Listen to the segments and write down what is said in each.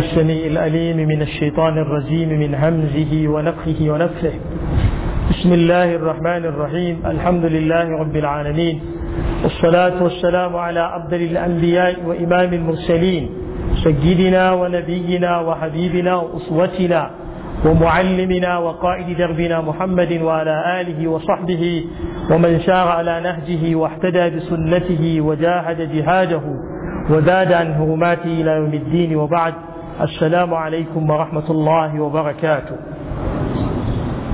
السميع الأليم من الشيطان الرجيم من همزه ونفخه ونفخه بسم الله الرحمن الرحيم الحمد لله رب العالمين والصلاة والسلام على أفضل الأنبياء وإمام المرسلين سيدنا ونبينا وحبيبنا وأسوتنا ومعلمنا وقائد دربنا محمد وعلى آله وصحبه ومن شار على نهجه واحتدى بسنته وجاهد جهاده وزاد عن هرماته إلى يوم الدين وبعد Assalamu alaikum wa rahmatullahi wa barakatu.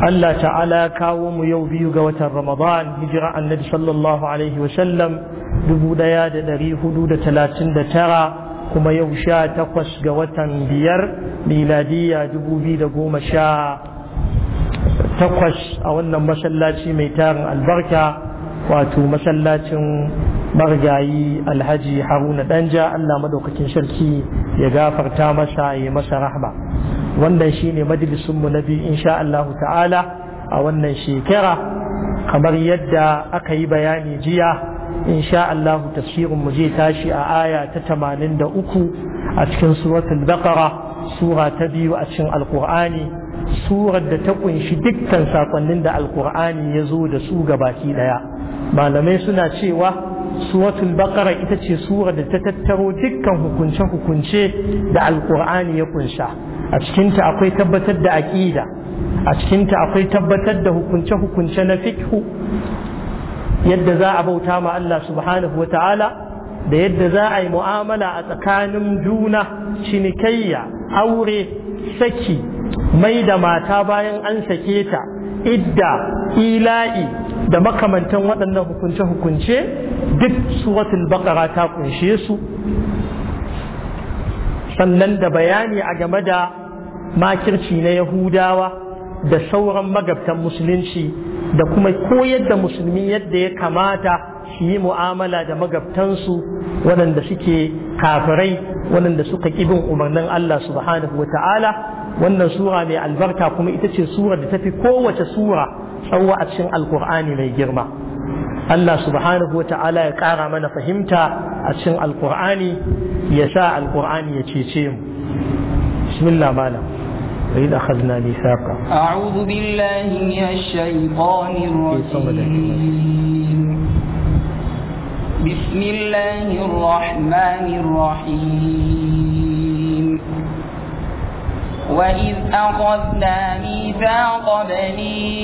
Allah ta'ala Ya kawo mu yau biyu ga watan Ramadan, hijira annabi sallallahu alaihi wa sallam, dubu daya da ɗari hudu da talatin da tara, kuma yau sha takwas ga watan biyar, miladiya dubu biyu da goma sha takwas a wannan masallaci mai tarin albarka, wato masallacin marigayi alhaji haruna danja allah madaukakin sarki ya gafarta masa ya masa rahma wannan shine mu na biyu insha Allah ta'ala a wannan shekara kamar yadda aka yi bayani jiya insha allahu tafsirin mu zai tashi a aya ta 83 a cikin suratul baqara sura ta biyu a cikin alqur'ani surar da ta kunshi dukkan sakonnin da alqur'ani ya zo da su gabaki daya malamai suna cewa suratul bakara ita ce sura da ta tattaro dukkan hukunce-hukunce da alkur'ani ya kunsha a cikinta akwai tabbatar da aƙida a cikinta akwai tabbatar da hukunce-hukunce na fikhu yadda za a bauta ma Allah subhanahu wa ta'ala da yadda za a yi mu'amala a tsakanin juna cinikayya aure saki mai da mata bayan an sake ta idda ila'i da makamantan waɗannan hukunce-hukunce duk suratul baƙara ta ƙunshe su sannan da bayani a game da makirci na yahudawa da sauran magabtan musulunci da kuma koyar da musulmi yadda ya kamata su yi mu'amala da magabtansu waɗanda suke kafirai waɗanda suka ƙi bin umarnin Allah subhanahu wa ta'ala wannan sura mai albarka kuma ita ce sura da tafi kowace sura tsawo a cikin alkur'ani mai girma Allah subhanahu wata'ala ya ƙara mana fahimta a cikin alkur'ani ya sa alkur'ani ya cece mu bismillah malam وإذ أخذنا ميثاقا أعوذ بالله من الشيطان الرجيم بسم الله الرحمن الرحيم وإذ أخذنا ميثاق بني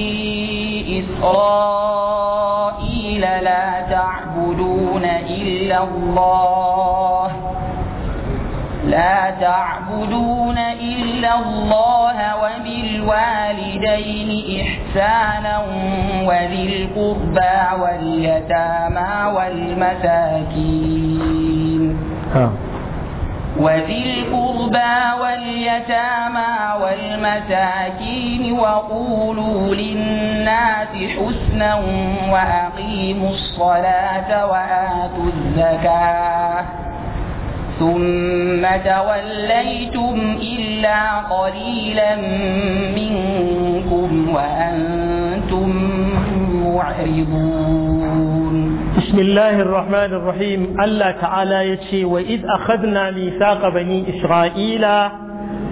إسرائيل لا تعبدون إلا الله لا تعبدون إلا الله وبالوالدين إحسانا وذي القربى واليتامى والمساكين وذي القربى واليتامى والمساكين وقولوا للناس حسنا وأقيموا الصلاة وآتوا الزكاة ثم توليتم إلا قليلا منكم وأنتم معرضون بسم الله الرحمن الرحيم الله تعالى يتشي وإذ أخذنا ميثاق بني إسرائيل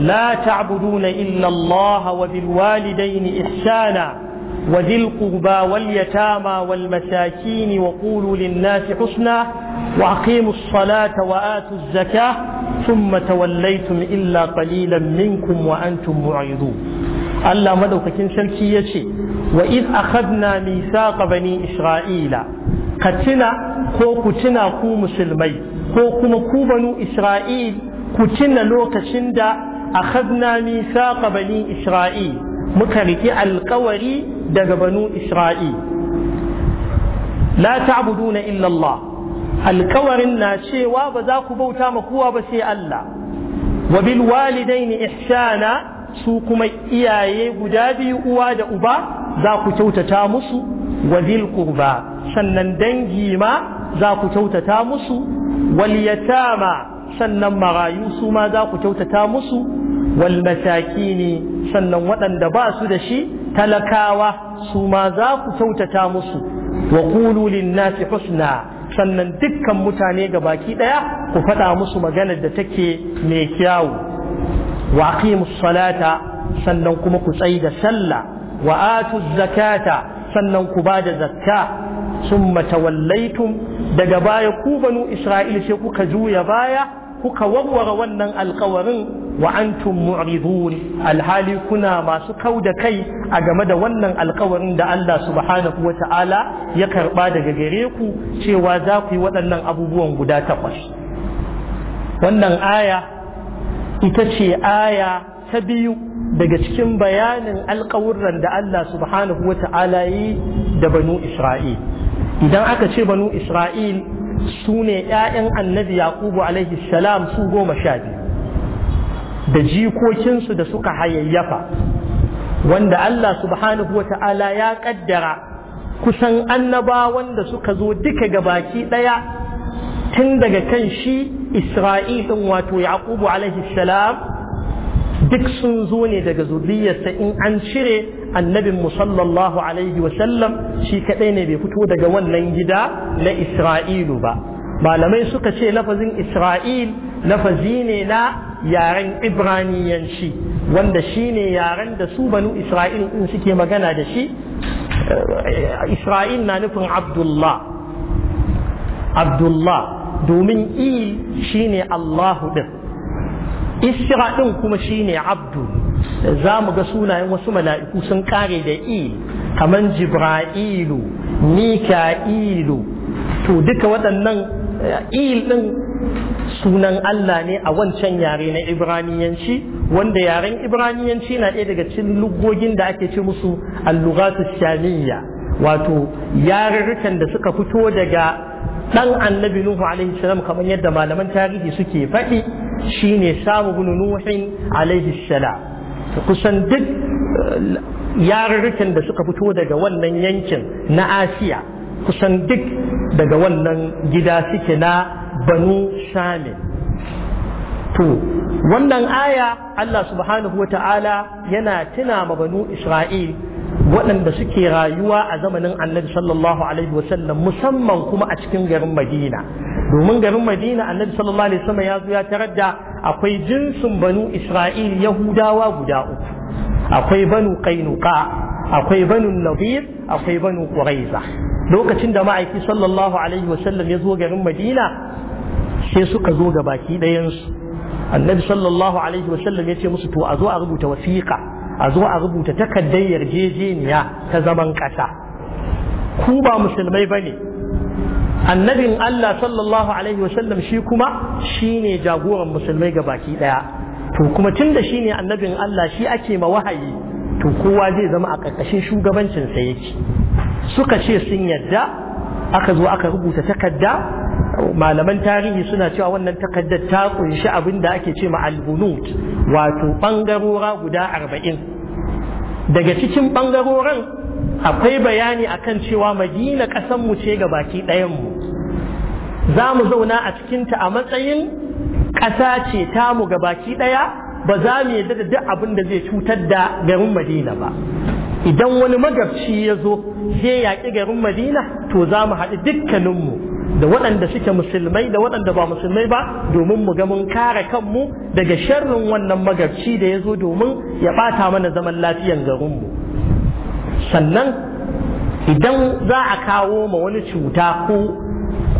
لا تعبدون إلا الله وبالوالدين إحسانا وذي القربى واليتامى والمساكين وقولوا للناس حسنا وأقيموا الصلاة وآتوا الزكاة ثم توليتم إلا قليلا منكم وأنتم معرضون الله مدوك سلكي يتشي وإذ أخذنا ميثاق بني إسرائيل ka tuna ko ku tuna ku musulmai ko kuma ku banu isra'il ku tuna lokacin da a akhadna mithaqa bani isra'il muka riki alkawari daga banu isra'il la ta'buduna na illallah alkawarin na cewa ba za ku bauta ma kowa ba sai Allah wa bil walidaini ihsana su kuma iyaye guda biyu uwa da uba za ku kyautata musu wa kurba sannan dangi ma za ku kyautata musu wal yatama sannan marayu su ma za ku kyautata musu wal ne sannan waɗanda ba su da shi talakawa su ma za ku kyautata musu wa qulu lin nasi husna sannan dukkan mutane ga baki ɗaya ku faɗa musu maganar da take mai kyawu wa aqimus salata sannan kuma ku tsayi da sallah wa zakata sannan ku ba da zakka summa wallaitun? daga baya ku banu isra'il sai kuka juya baya kuka warware wannan alkawarin wa antum mu'ridun alhali kuna masu kau da kai a game da wannan alkawarin da Allah subhanahu ta'ala ya karba daga gare ku cewa za ku yi waɗannan abubuwan guda takwas wannan aya ita ce aya ta biyu daga cikin bayanin alƙawurran da Allah subhanahu wa ta'ala yi da banu Isra'il. Idan aka ce banu Isra'il su ne ‘ya'yan annabi Yaqubu alaihi salam su goma sha biyu, da jikokinsu da suka hayayyafa, wanda Allah subhanahu wa ta'ala ya ƙaddara kusan annabawan da suka zo duka ga baki ɗaya tun daga kan shi Isra'il ɗin wato Yaqubu alaihi salam duk sun zo ne daga zuriyarsa in an cire annabin musallallahu sallallahu alaihi wasallam shi kaɗai ne bai fito daga wannan gida na Isra'ilu ba malamai suka ce lafazin Isra'il lafazi ne na yaren Ibraniyanci wanda shi ne yaren da su banu Isra'il in suke magana da shi eh, Isra'il na nufin Abdullah Abdullah domin il shine Allahu ɗin, isra din kuma shine abdu za mu ga sunayen wasu mala'iku sun kare da i kamar jibra'ilu mika'ilu to duka waɗannan eh, il ɗin sunan Allah ne a wancan yare na Ibraniyanci wanda yaren Ibraniyanci na ɗaya daga cikin lugogin da ake ce musu al-lughatu shamiyya wato yarurrukan da suka fito daga Ɗan annabi nuhu alaihi salam kamar yadda malaman tarihi suke faɗi shine samu bin nuhin alaihi salam kusan duk eh, yarurrukan da suka fito daga wannan yankin na asiya kusan duk daga wannan gida suke na banu shamil to wannan aya allah subhanahu wa ta'ala yana tuna ma banu isra'il waɗanda suke rayuwa a zamanin annabi sallallahu alaihi wasallam musamman kuma a cikin garin madina domin garin madina annabi sallallahu alaihi wasallam ya zo ya tarar da akwai jinsin banu isra'il yahudawa guda uku akwai banu qainuqa akwai banu nadir akwai banu quraiza lokacin da ma'aiki sallallahu alaihi wasallam ya zo garin madina sai suka zo ga baki ɗayansu annabi sallallahu alaihi wasallam ya ce musu to a zo a rubuta wasiƙa a zo a rubuta takardar yarjejeniya ta zaman ƙasa ku ba musulmai ba ne annabin Allah sallallahu alaihi wasallam shi kuma shi ne jagoran musulmai ga baki ɗaya to kuma tun da shi ne annabin Allah shi ake ma wahayi to kowa zai zama a ƙarƙashin shugabancinsa yake suka ce sun yarda aka zo aka rubuta takarda malaman tarihi suna cewa wannan takardar ta kunshi abin da ake ce ma al-hunut wato ɓangarora guda arba'in daga cikin bangaroran akwai bayani akan cewa madina ƙasanmu ce ga baki ɗayanmu za mu zauna a cikinta a matsayin ƙasa ce tamu ga baki ɗaya ba za mu yarda da duk abin da zai cutar da garin madina ba idan wani magabci ya zo sai yaƙi garin madina to za mu haɗu dukkaninmu da waɗanda suke musulmai da waɗanda ba musulmai ba domin mu ga mun kare kanmu daga sharrin wannan magarci da ya zo domin ya ɓata mana zaman lafiyan garinmu sannan idan za a kawo ma wani cuta ko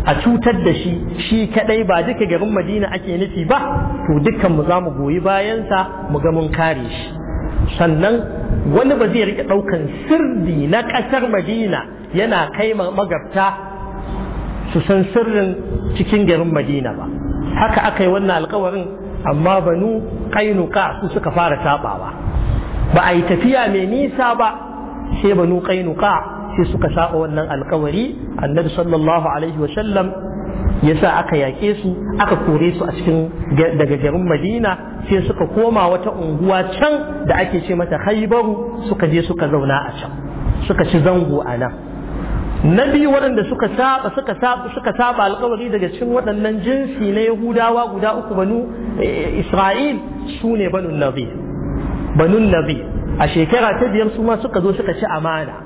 a cutar da shi shi kaɗai ba duka garin madina ake nufi ba to dukkan mu za mu goyi bayansa mu ga mun kare shi sannan wani ba zai riƙe ɗaukan sirdi na ƙasar madina yana kai magabta su san sirrin cikin garin madina ba haka aka yi wannan alkawarin amma banu kainuka su suka fara sabawa ba a yi tafiya mai nisa ba sai banu kainuka sai suka saba wannan alkawari annabi sallallahu alaihi wasallam ya sa aka yaƙe su aka kore su a cikin daga garin madina sai suka koma wata unguwa can da ake ce mata haibaru suka je suka zauna a can suka ci zango a nan na biyu waɗanda suka saba suka saba suka saba alƙawari daga cikin waɗannan jinsi na yahudawa guda uku banu eh, eh, isra'il su ne banu nabi banu nabi a shekara ta biyar su ma suka zo suka ci amana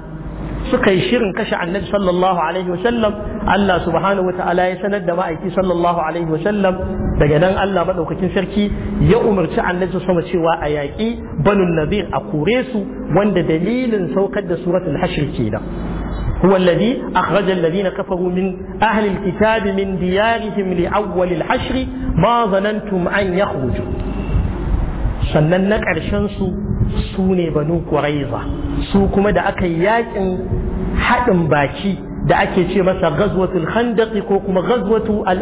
suka yi shirin kashe annabi sallallahu alaihi wa sallam Allah subhanahu ta'ala ya sanar da ma'aiki sallallahu alaihi wa sallam daga nan Allah madaukakin sarki ya umarci annabi sama cewa a yaƙi banu nabi a kore su wanda dalilin saukar da suratul hashr kenan هو الذي أخرج الذين كفروا من أهل الكتاب من ديارهم لأول الحشر ما ظننتم أن يخرجوا sannan na ƙarshen su ne banu ƙwaraiza su kuma da aka yi yaƙin haɗin baki da ake ce masa gazwatul khandaqi ko kuma gazwatu al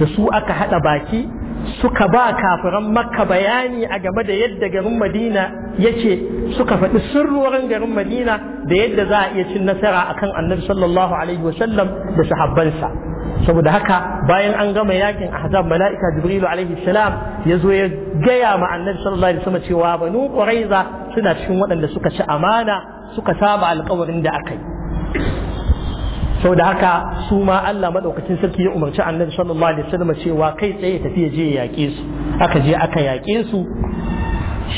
da su aka haɗa baki suka ba kafiran makka bayani a game da yadda garin madina ce suka faɗi sirrorin garin madina da yadda za a iya cin nasara akan annabi sallallahu alaihi wasallam da sahabbansa saboda haka bayan an gama yakin ahzab mala'ika jibrilu alaihi salam ya zo ya gaya ma annabi sallallahu alaihi wasallam cewa banu quraiza suna cikin waɗanda suka ci amana suka saba alƙawarin da aka yi sau da haka su ma Allah maɗaukacin sarki ya umarci annabi sallallahu alaihi wasallam cewa kai tsaye tafi ya je ya yaƙe su aka je aka yaƙe su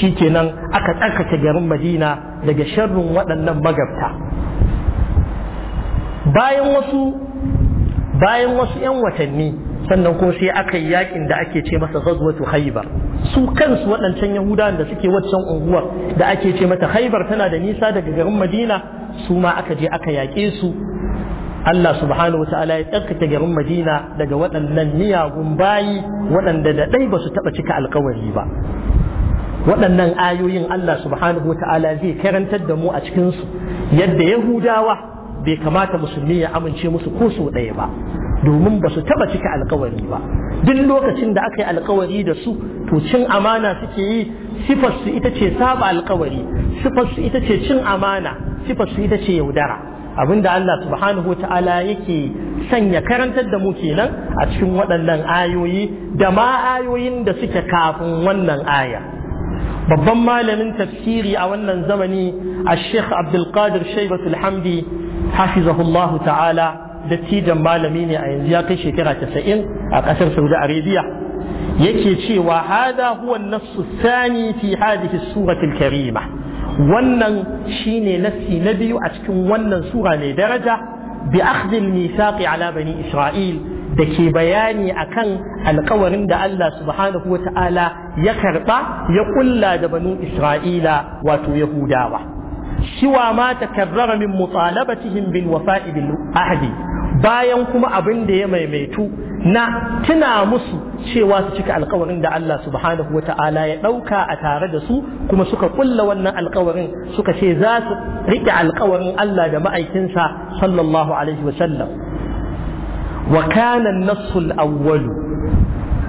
shikenan aka tsarkake garin Madina daga sharrin waɗannan magabta bayan wasu bayan 'yan watanni sannan ko sai aka yi yaƙin da ake ce masa zazwatu haibar su kansu waɗancan yahudawan da suke waccan unguwar da ake ce mata haibar tana da nisa daga garin madina su ma aka je aka yaƙe su Allah subhanahu wa ta'ala ya tsarkake garin Madina daga waɗannan miyagun bayi waɗanda da ɗai ba su taɓa cika alkawari ba waɗannan ayoyin Allah subhanahu wa ta'ala zai karantar da mu a cikinsu yadda Yahudawa bai kamata musulmi ya amince musu ko so ɗaya ba domin ba su taɓa cika alkawari ba duk lokacin da aka yi alkawari da su to cin amana suke yi sifarsu ita ce saba alkawari Sifasu ita ce cin amana sifar su ita ce yaudara abinda Allah subhanahu wa ta'ala yake sanya karantar da mu kenan a cikin waɗannan ayoyi da ma ayoyin da suke kafin wannan aya babban malamin tafsiri a wannan zamani a sheikh abdulkadir shaibatul hamdi hafizahullahu ta'ala dattijan malami ne a yanzu ya kai shekara 90 a ƙasar saudi arabia yake cewa hada huwa nassu sani fi hadihi suratul karima wannan shine nassi na biyu a cikin wannan sura mai daraja bi akhdhil mithaqi ala bani isra'il da ke bayani akan alkawarin da Allah subhanahu wa ta'ala ya karba ya kulla da banu isra'ila wato yahudawa shiwa ma takarrara min mutalabatihim bil wafa'i bil ahdi bayan kuma abin da ya maimaitu na tuna musu cewa su cika alkawarin da Allah subhanahu wa ta'ala ya ɗauka a tare da su kuma suka kulla wannan alkawarin suka ce za su riƙe alkawarin Allah da ma'aikinsa sallallahu alaihi wasallam wa kana nassul awwalu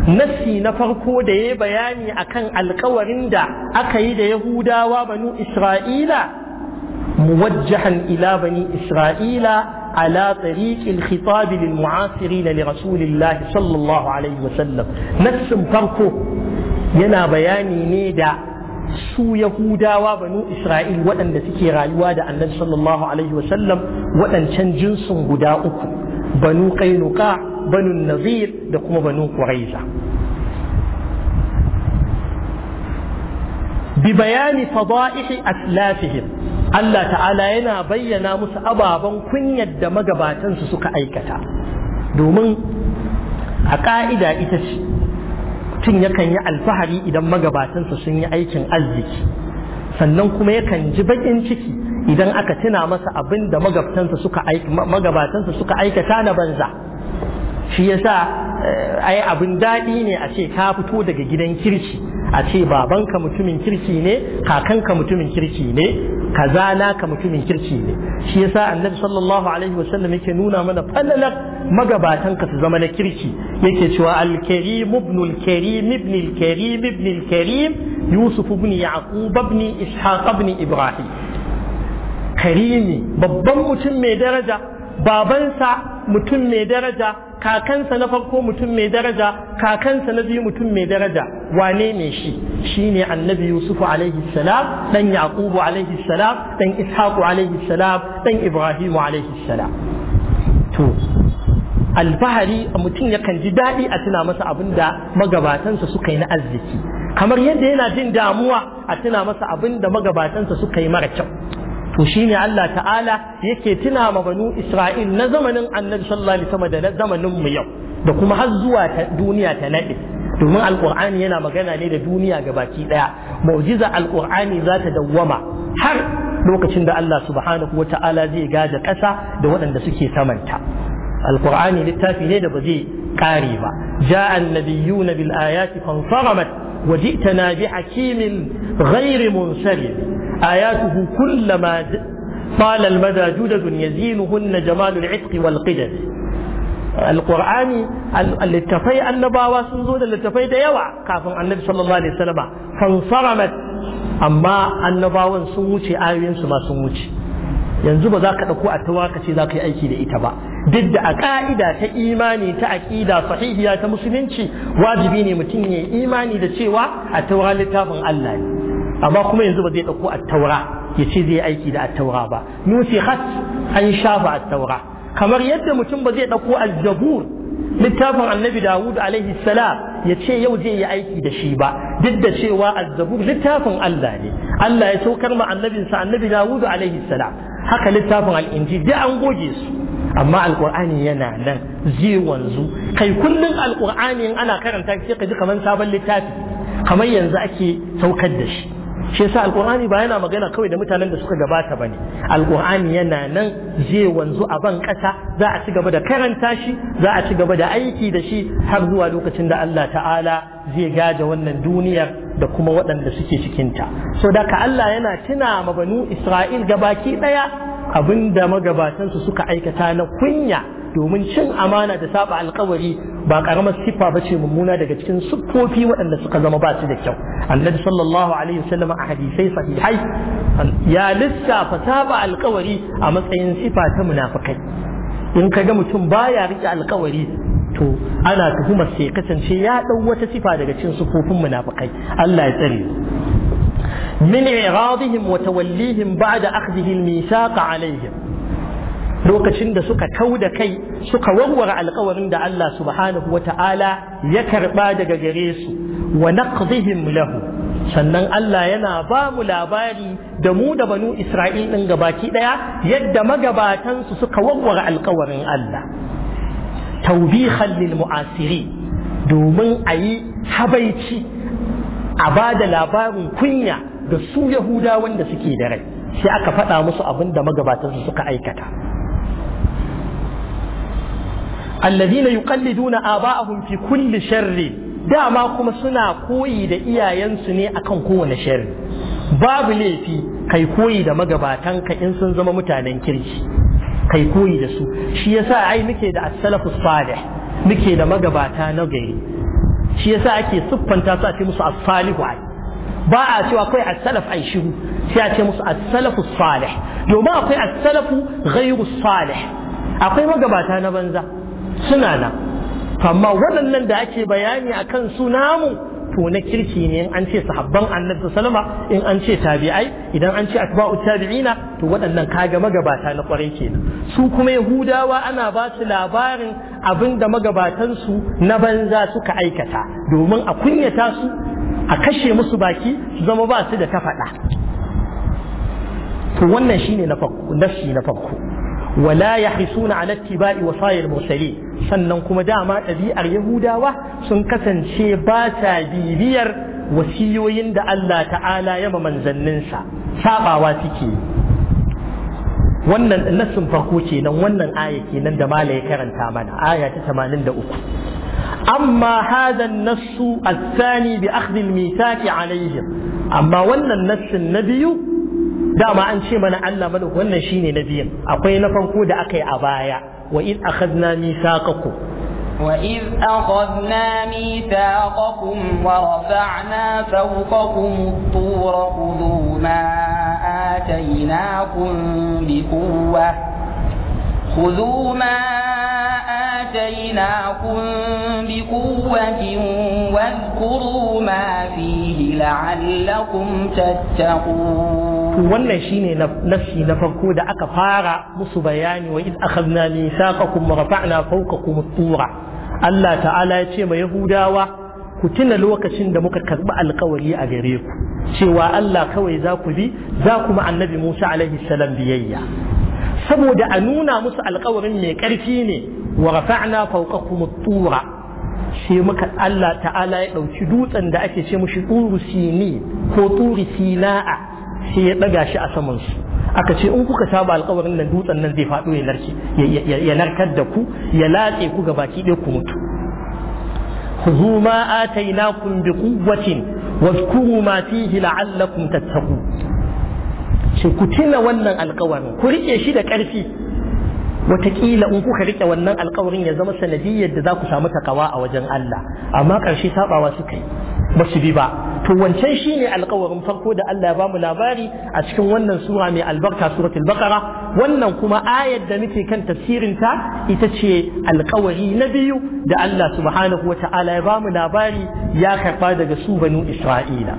nassi na farko da ya bayani akan alkawarin da aka yi da yahudawa banu isra'ila muwajjahan ila bani isra'ila على طريق الخطاب للمعاصرين لرسول الله صلى الله عليه وسلم نفس فرقه ينا بياني نيدا su Yahudawa banu Isra'il waɗanda suke rayuwa da annabi sallallahu alaihi wasallam waɗancan jinsin guda uku banu Kainuka banu Nazir da kuma banu Quraiza bi bayani fada'ihi aslafihim Allah ta'ala yana bayyana musu ababen kunyar da magabatansu suka aikata domin a ƙa'ida ita ce mutum yakan yi alfahari idan magabatansa sun yi aikin arziki sannan kuma yakan ji baƙin ciki idan aka tuna masa abin da magabatansa suka aikata na banza shi ya yasa eh, ai abin daɗi ne a ce ka fito daga gidan kirki a ce babanka mutumin kirki ne kakanka mutumin kirki ne kaza ka mutumin kirki ne shi ya yasa annabi sallallahu alaihi wasallam yake nuna mana falalar magabatan ka su zama na kirki yake cewa al-karim ibn al-karim ibn al yusuf ibn yaqub ibn ishaq ibn ibrahim karimi babban mutum mai daraja babansa mutum mai daraja kakansa na farko mutum mai daraja kakansa na biyu mutum mai daraja wane ne shi shine annabi Yusufu alaihi salam dan yaqubu alaihi salam dan ishaqu alaihi salam dan ibrahim alaihi salam to alfahari mutum yakan ji daɗi a tuna masa abin da magabatansa suka yi na arziki kamar yadda yana jin damuwa a tuna masa abin da magabatansa suka yi mara kyau to shine Allah ta'ala yake tuna ma banu Isra'il na zamanin Annabi sallallahu alaihi wasallam da na zamanin mu yau da kuma har zuwa duniya ta nade domin alqur'ani yana magana ne da duniya gabaki daya mu'jiza alqur'ani za ta dawwama har lokacin da Allah subhanahu wata'ala zai gaja ƙasa da waɗanda suke samanta alqur'ani littafi ne da ba zai kare ba ja'a annabiyuna bil ayati fansaramat وجئتنا بحكيم غير منسلم آياته كلما طال المدى جدد يزينهن جمال العتق والقدد القرآن اللتفي النباوة سنزود اللتفي ديوع كافر النبي صلى الله عليه وسلم فانصرمت أما النباوة سنوشي آيين سما سنوشي yanzu ba za ka ɗauko a tawa ka ce za ka yi aiki da ita ba duk da a ƙa'ida ta imani ta aƙida sahihiya ta musulunci wajibi ne mutum ya imani da cewa a tawa littafin Allah ne amma kuma yanzu ba zai ɗauko attaura ya ce zai aiki da attaura ba nusikhat an shafa attaura kamar yadda mutum ba zai ɗauko aljabur, littafin annabi dawud alaihi salam ya ce yau zai yi aiki da shi ba duk da cewa aljabur littafin allah ne allah ya saukar ma annabinsa annabi dawud alaihi salam haka littafin al'inji duk an goge su amma alkur'ani yana nan zai wanzu kai kullum alkur'ani ana karanta sai ka ji kamar sabon littafi kamar yanzu ake saukar da shi shi yasa alqur'ani ba yana magana kawai da mutanen da suka gabata bane alqur'ani yana nan zai wanzu a ban kasa za a ci gaba da karanta shi za a ci gaba da aiki da shi har zuwa lokacin da Allah ta'ala zai gaje wannan duniyar da kuma waɗanda suke cikinta so da ka Allah yana tuna ma banu Isra'il gabaki daya abinda magabatansu suka aikata na kunya domin cin amana da saba alkawari ba karamar siffa ba ce mummuna daga cikin siffofi waɗanda suka zama ba su da kyau annabi sallallahu alaihi wasallam a hadisai sahihai ya lissafa saba alkawari a matsayin sifa ta munafikai in kaga mutum baya rike alkawari to ana tuhumar sai kasance ya ɗau wata sifa daga cikin sufofin munafikai Allah ya tsare min iradihim wa tawallihim ba'da akhdhihi al-mithaqa alaihim lokacin da suka kau da kai suka warware alkawarin da Allah subhanahu wa ta'ala ya karɓa daga gare su wa naqdihim lahu sannan Allah yana ba mu labari da mu da banu Isra'il din gabaki ɗaya, yadda magabatansu suka warware alkawarin Allah tawbihan lil mu'asiri domin a yi habaici a ba da labarin kunya ga su Yahudawan da suke da rai sai aka faɗa musu abin da magabatansu suka aikata alladhina yuqalliduna aba'ahum fi kulli sharri dama kuma suna koyi da iyayensu ne akan kowane shari. babu laifi kai koyi da magabatanka in sun zama mutanen kirki kai koyi da su shi yasa ai muke da as-salafu muke da magabata na gari shi yasa ake siffanta su a ce musu as ai ba a akwai as ai shiru sai a ce musu as domin akwai akwai magabata na banza suna nan amma waɗannan da ake bayani a kan suna namu to na kirki ne in an ce sahabban annabi salama in an ce tabi'ai idan an ce atba'u tabi'ina to waɗannan kaga magabata na kwarai kenan su kuma yahudawa ana ba su labarin abin da magabatan na banza suka aikata domin a kunyata su a kashe musu baki su zama ba su da ta faɗa to wannan shine na farko na farko wala yahisuna ala tibai wasayil mursali sannan kuma dama ɗabi'ar yahudawa sun kasance ba ta bibiyar wasiyoyin da Allah ta'ala ya ma manzanninsa Saɓawa suke wannan nassin farko kenan wannan aya kenan da mala ya karanta mana aya ta 83 أما هذا النص الثاني بأخذ الميثاق amma wannan nasin na biyu. dama an ce mana Allah mana wannan shine na biyan akwai na farko da aka yi a baya wa iz akhadna mithaqakum wa iz akhadna mithaqakum wa rafa'na fawqakum at-tura khudhu ma ataynakum bi quwwah خذوا ما آتيناكم بقوة واذكروا ما فيه لعلكم تتقون ولا شيني نفسي لفرقو دا أكا فارا وإذ أخذنا ميثاقكم ورفعنا فوقكم الطورة الله تعالى يتشي يهوداوا ku tuna lokacin da muka karɓi alkawari a gare ku cewa Allah kawai za ku bi za ku ma saboda a nuna musu alkawarin mai ƙarfi ne wa rafa'na kuma tura sai muka Allah ta'ala ya ɗauki dutsen da ake ce mushi turu sini ko turi sina'a sai ya ɗaga shi a saman su aka ce in kuka saba alkawarin nan dutsen nan zai faɗo ya narkar da ku ya latse ku baki ɗaya ku mutu خذوا ما آتيناكم بقوة واذكروا ما فيه لعلكم تتقون ce ku tuna wannan alkawarin ku rike shi da ƙarfi wataƙila in kuka rike wannan alkawarin ya zama sanadiyyar da za ku samu takawa a wajen Allah amma ƙarshe sabawa suka yi ba su bi ba to wancan shine alkawarin farko da Allah ya bamu labari a cikin wannan sura mai albarka suratul baqara wannan kuma ayar da muke kan tafsirin ta ita ce alkawari na biyu da Allah subhanahu wata'ala ya bamu labari ya karba daga su banu Isra'ila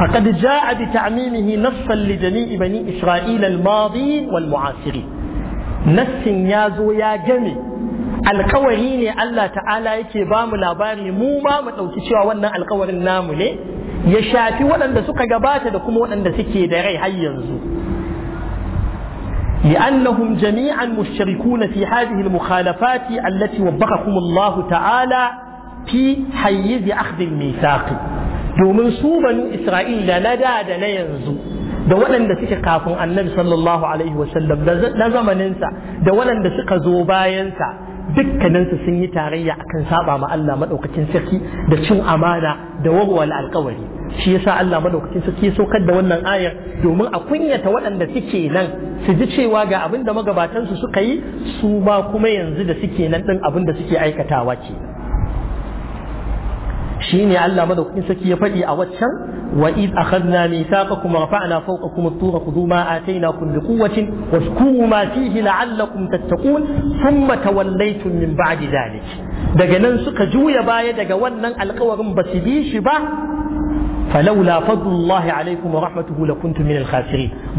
فقد جاء بتعميمه نصا لجميع بني إسرائيل الماضين والمعاصرين نص يازو يا جمي alkawari ne Allah ta'ala yake ba mu labari mu ma mu ɗauki cewa wannan alkawarin namu ne ya shafi waɗanda suka gabata da kuma waɗanda suke da rai har yanzu لأنهم جميعا مشتركون في هذه المخالفات التي وبخهم الله تعالى في حيز أخذ الميثاق domin su banu isra'ila na da da na yanzu da waɗanda suke kafin annabi sallallahu alaihi wasallam na zamaninsa da waɗanda suka zo bayansa dukkaninsu sun yi tarayya akan saba ma Allah madaukakin sarki da cin amana da warware alkawari shi yasa Allah madaukakin sarki ya saukar da wannan ayar domin a kunyata waɗanda suke nan su ji cewa ga abin da magabatansu suka yi su ma kuma yanzu da suke nan din abin da suke aikatawa ce. shine Allah madaukakin saki ya faɗi a waccan wa id akhadna mithaqakum rafa'na fawqakum at-tur khudhu ma atainakum bi quwwatin washkuru ma fihi la'allakum tattaqun thumma tawallaytum min ba'di dhalik daga nan suka juya baya daga wannan alƙawarin ba su bi shi ba فلولا فضل الله عليكم ورحمته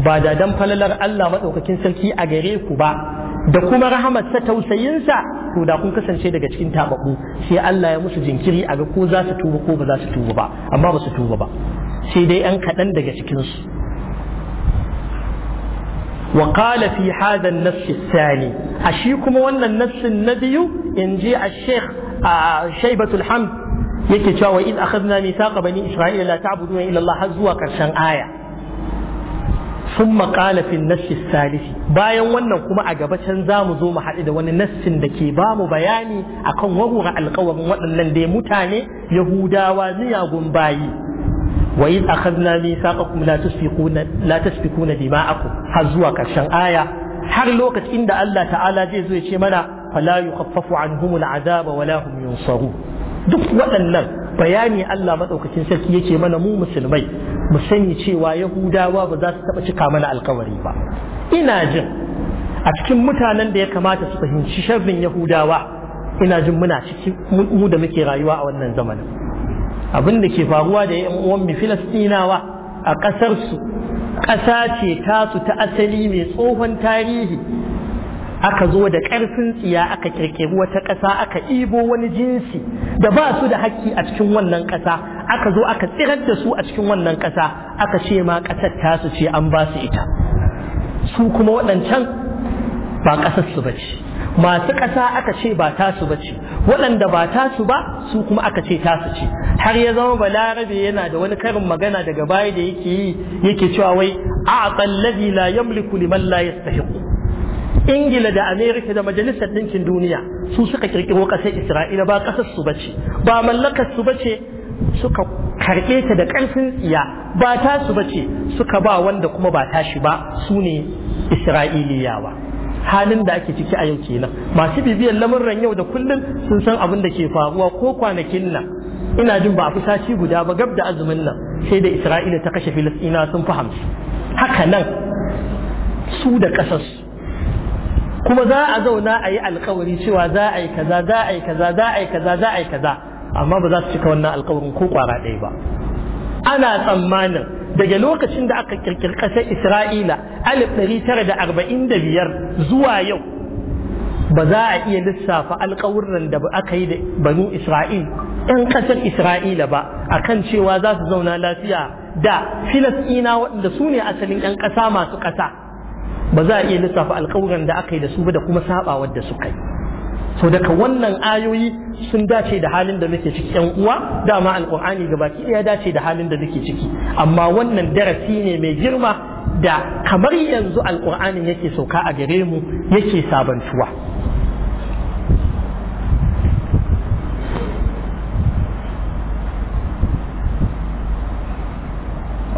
Ba da dan falalar allah فللر sarki a gare ku ba. da kuma rahamarsa tausayinsa to da kun kasance daga cikin tababu sai Allah ya musu jinkiri a ga ko za su tuba ko ba za su tuba ba amma ba su tuba ba sai dai yan kaɗan daga cikinsu wa qala fi hadha an-nass ath-thani a shi kuma wannan nafsin na biyu in ji a Shaibatul hamd yake cewa wa id akhadna mithaqa bani isra'ila la ta'buduna illa Allah har zuwa karshen aya sun makalafin nashi salisi bayan wannan kuma a gaba can za mu zo mu haɗu da wani nassin da ke ba mu bayani akan wahura alkawarin waɗannan dai mutane yahudawa miyagun bayi wa iz akhadna mithaqakum la tusfiquna la tasfikuna dima'akum har zuwa karshen aya har lokacin da Allah ta'ala zai zo ya ce mana fala yukhaffafu anhumul azaba wala hum yunsaru duk waɗannan bayani Allah madaukakin sarki yake mana mu musulmai mu sani cewa yahudawa ba za su taɓa cika mana alkawari ba ina jin a cikin mutanen da ya kamata su fahimci sharrin yahudawa ina jin muna ciki mu da muke rayuwa a wannan zamanin abin da ke faruwa da ƴan uwan mu filastinawa a ƙasar su ƙasa ce ta su ta asali mai tsohon tarihi aka zo da ƙarfin tsiya aka ƙirƙiri wata ƙasa aka ibo wani jinsi da ba su da haƙƙi a cikin wannan ƙasa aka zo aka tsirar da su a cikin wannan ƙasa aka ce ma ƙasar tasu ce an ba su ita su kuma waɗancan ba ƙasar su bace masu ƙasa aka ce ba tasu bace waɗanda ba tasu ba su kuma aka ce tasu ce har ya zama balarabe yana da wani karin magana daga baya da yake yi yake cewa wai a aqallazi la yamliku liman ingila da amerika da majalisar ɗinkin duniya su suka kirkiro ƙasar isra'ila ba ƙasar su bace ba mallakar su bace suka karɓe ta da ƙarfin tsiya ba su ba ce suka ba wanda kuma ba tashi ba su ne isra'iliyawa halin da ake ciki a yau kenan masu bibiyar lamurran yau da kullum sun san abin da ke faruwa ko kwanakin nan ina jin ba a fi sati guda ba gab da azumin nan sai da isra'ila ta kashe filistina sun fi haka nan su da ƙasas. kuma za a zauna a yi alkawari cewa za a yi kaza za a yi kaza za a yi kaza za a yi kaza amma ba za su cika wannan alkawarin ko kwara ɗaya ba ana tsammanin daga lokacin da aka kirkiri ƙasar isra'ila alif ɗari tara da arba'in da biyar zuwa yau ba za a iya lissafa alkawurran da aka yi da banu isra'il ɗan ƙasar isra'ila ba akan cewa za su zauna lafiya da filastina waɗanda su ne asalin ɗan ƙasa masu ƙasa ba za a iya lissafa alkawuran da aka yi da su ba da kuma saɓa wadda suka yi so daga wannan ayoyi sun dace da halin da muke ciki yan uwa dama alqur'ani gabaki ya dace da halin da muke ciki amma wannan darasi ne mai girma da kamar yanzu alqur'anin yake sauka a gare mu yake sabantuwa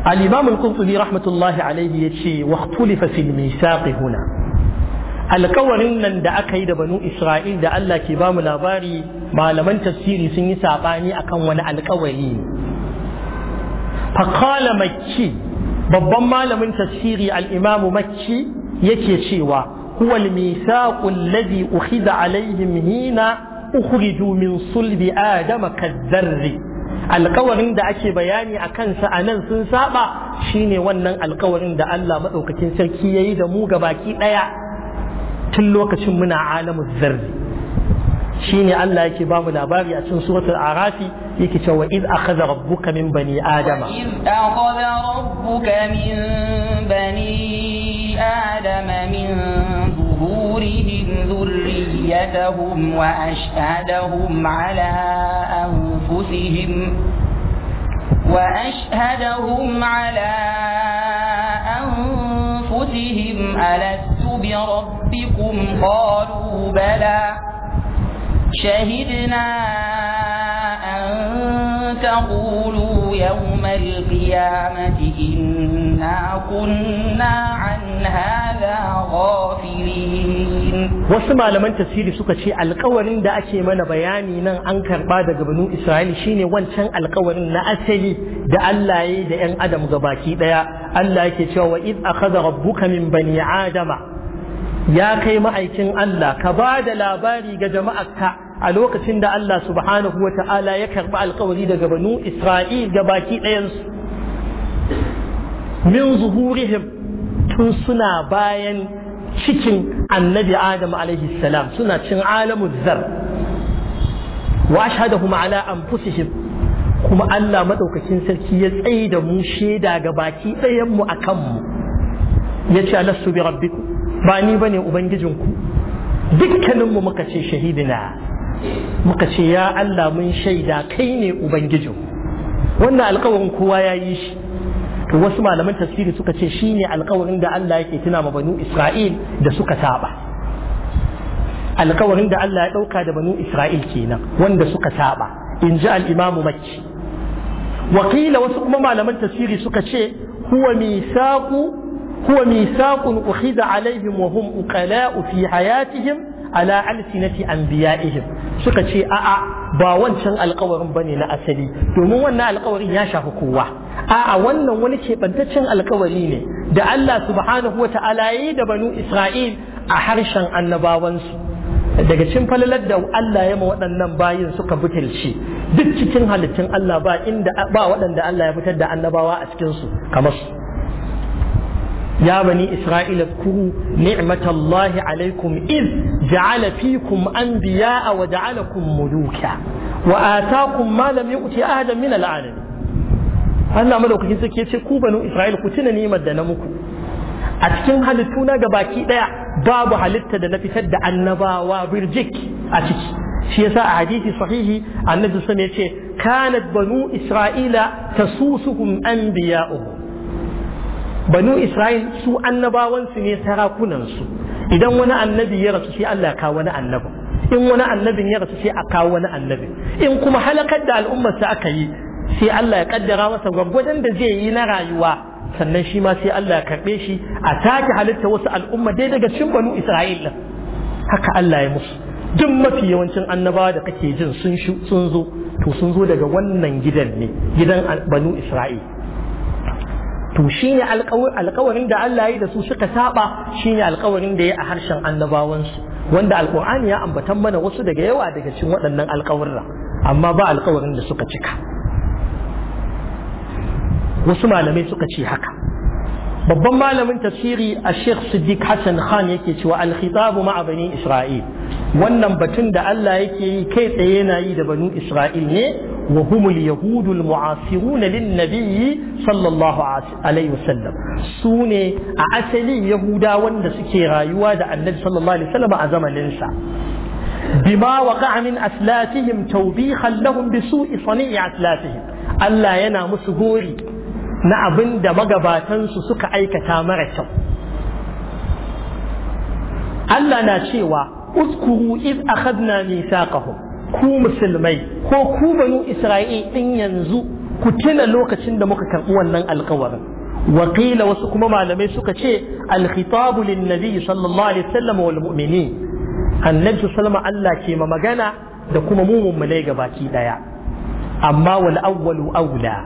الإمام القرطبي رحمة الله عليه يتشي واختلف في الميثاق هنا alkawarin nan da aka yi da banu isra'il da Allah ke ba mu labari malaman tafsiri sun yi saɓani akan wani alkawari fakala makki babban malamin tafsiri al'imamu makki yake cewa huwal misaqul ladhi ukhidha alaihim hina ukhriju min sulbi adama kadzarri alkawarin da ake bayani a kansa a nan sun saba shine wannan alkawarin da Allah maɗaukacin sarki ya yi da mu ga baki ɗaya tun lokacin muna alamu zarri shine Allah yake ba mu labari a cikin suratul arafi yake cewa iz akhadha rabbuka min bani adama id akhadha rabbuka min bani adama min ظهورهم ذريتهم وأشهدهم على أنفسهم وأشهدهم على أنفسهم ألست بربكم قالوا بلى شهدنا أن تقولوا يوم القيامة إنا كنا عن هذا غافلين wasu malaman tafsiri suka ce alkawarin da ake mana bayani nan an karba daga banu isra'il shine wancan alkawarin na asali da Allah ya yi da 'yan adam gabaki daya Allah yake cewa wa id akhadha rabbuka min bani adama ya kai ma'aikin Allah ka ba da labari ga jama'arka a lokacin da Allah subhanahu wa ta'ala ya karɓi alkawari daga banu Isra'il ga baki ɗayansu min zuhurihim tun suna bayan cikin annabi Adam alaihi salam suna cin alamun zar wa ashhadahum ala anfusihim kuma Allah maɗaukacin sarki ya tsaye da mu shaida ga baki ɗayanmu a kanmu. mu yace alastu bi rabbikum ba ni bane ubangijinku dukkaninmu muka ce shahidina muka ce ya Allah mun shaida kai ne ubangijin wannan alkawarin kowa ya yi shi to wasu malaman tafsiri suka ce ne alkawarin da Allah yake tuna ma banu Isra'il da suka saba alkawarin da Allah ya ɗauka da banu Isra'il kenan wanda suka saba in ji al'imamu Makki wakila wasu kuma malaman tafsiri suka ce huwa misaqu huwa misaqun ukhida alaihim wa hum uqala'u fi hayatihim ala alsinati anbiya'ihim suka ce a'a ba wancan alkawarin bane na asali domin wannan alkawarin ya shafi kowa a'a wannan wani keɓantaccen alkawari ne da Allah subhanahu wa ta'ala yayi da banu Isra'il a harshen annabawansu daga cin falalar da Allah ya ma waɗannan bayin suka butulci duk cikin halittun Allah ba waɗanda Allah ya fitar da annabawa a cikinsu kamar su يا بني إسرائيل اذكروا نعمة الله عليكم إذ جعل فيكم أنبياء وجعلكم ملوكا وآتاكم ما لم يؤت أحدا من العالمين Allah madaukakin sarki ya ce ku banu Isra'il ku tuna ni'imar da na muku a cikin halittuna ga baki daya babu halitta da na fitar da annabawa birjik a ciki shi yasa a hadisi sahihi annabi sallallahu ya ce kanat banu Isra'ila tasusuhum anbiya'uhum banu isra'il su annabawansu ne sarakunansu idan wani annabi ya rasu sai Allah ka wani annabi in wani annabin ya rasu sai a kawo wani annabi in kuma halakar da al'ummar sa aka yi sai Allah ya kaddara masa gwaggwadan da zai yi na rayuwa sannan shi ma sai Allah ya karɓe shi a take halitta wasu al'umma dai daga cikin banu isra'il haka Allah ya musu duk mafi yawancin annabawa da kake jin sun sun zo to sun zo daga wannan gidan ne gidan banu isra'il to shine alƙawarin da Allah ya da su suka saba shine alƙawarin da ya a harshen annabawansu wanda alkur'ani ya ambatan mana wasu daga yawa daga cikin waɗannan alƙawarra amma ba alƙawarin da suka cika wasu malamai suka ce haka babban malamin tafsiri a sheikh siddiq hassan khan yake cewa alkhitabu ma'a bani isra'il wannan batun da Allah yake yi kai tsaye yana yi da banu isra'il ne وهم اليهود المعاصرون للنبي صلى الله عليه وسلم سوني أسلي يهودا وند سكي رايوا دا النبي صلى الله عليه وسلم أزم ننسى بما وقع من أسلافهم توبيخا لهم بسوء صنيع أسلافهم ألا ينام سهوري na abin da magabatansu suka aikata mara kyau Allah na cewa uskuru iz akhadna mithaqahum ku musulmai ko ku banu isra'il din yanzu ku tuna lokacin da muka karɓi wannan alkawarin wakila wasu kuma malamai suka ce alkhitabu lin nabi sallallahu alaihi wasallam wal mu'minin annabi sallama Allah ke ma magana da kuma mu mummunai gabaki daya amma wal awwalu awla